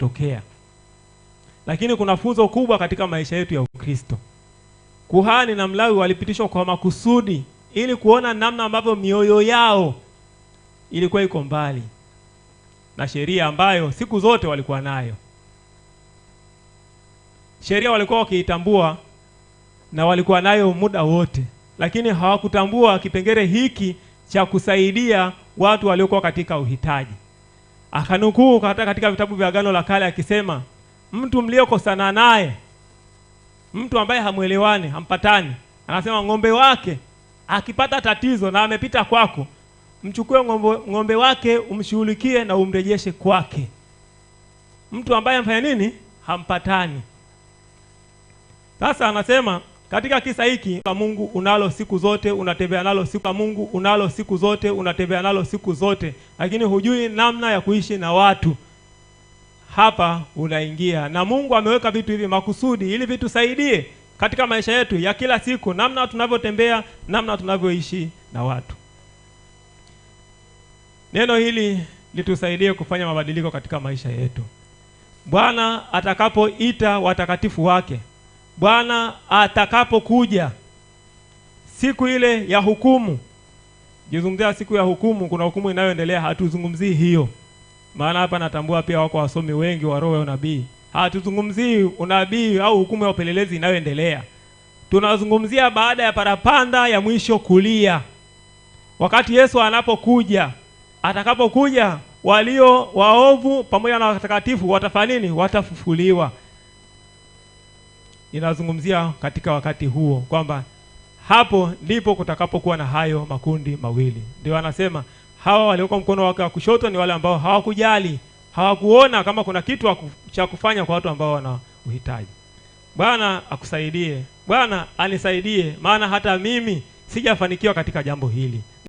tokea. Lakini kuna funzo kubwa katika maisha yetu ya Ukristo. Kuhani na Mlawi walipitishwa kwa makusudi ili kuona namna ambavyo mioyo yao ilikuwa iko mbali na sheria ambayo siku zote walikuwa nayo. Sheria walikuwa wakiitambua na walikuwa nayo muda wote, lakini hawakutambua kipengele hiki cha kusaidia watu waliokuwa katika uhitaji akanukuu hata katika vitabu vya Agano la Kale akisema, mtu mliokosana naye, mtu ambaye hamwelewani, hampatani, anasema ng'ombe wake akipata tatizo na amepita kwako, mchukue ng'ombe, ng'ombe wake umshughulikie na umrejeshe kwake. Mtu ambaye amfanya nini? Hampatani. Sasa anasema katika kisa hiki Mungu unalo siku zote, unatembea nalo siku Mungu unalo siku zote, unatembea nalo siku zote, lakini hujui namna ya kuishi na watu. Hapa unaingia na Mungu ameweka vitu hivi makusudi ili vitusaidie katika maisha yetu ya kila siku, namna tunavyotembea, namna tunavyoishi na watu. Neno hili litusaidie kufanya mabadiliko katika maisha yetu. Bwana atakapoita watakatifu wake Bwana atakapokuja siku ile ya hukumu. Jizungumzia siku ya hukumu, kuna hukumu inayoendelea, hatuzungumzii hiyo. Maana hapa natambua pia wako wasomi wengi wa roho ya unabii. Hatuzungumzii unabii au hukumu ya upelelezi inayoendelea, tunazungumzia baada ya parapanda ya mwisho kulia, wakati Yesu anapokuja. Atakapokuja, walio waovu pamoja na watakatifu watafanya nini? Watafufuliwa inazungumzia katika wakati huo kwamba hapo ndipo kutakapokuwa na hayo makundi mawili. Ndio anasema hawa walioko mkono wake wa kushoto ni wale ambao hawakujali, hawakuona kama kuna kitu cha kufanya kwa watu ambao wana uhitaji. Bwana akusaidie, Bwana anisaidie, maana hata mimi sijafanikiwa katika jambo hili.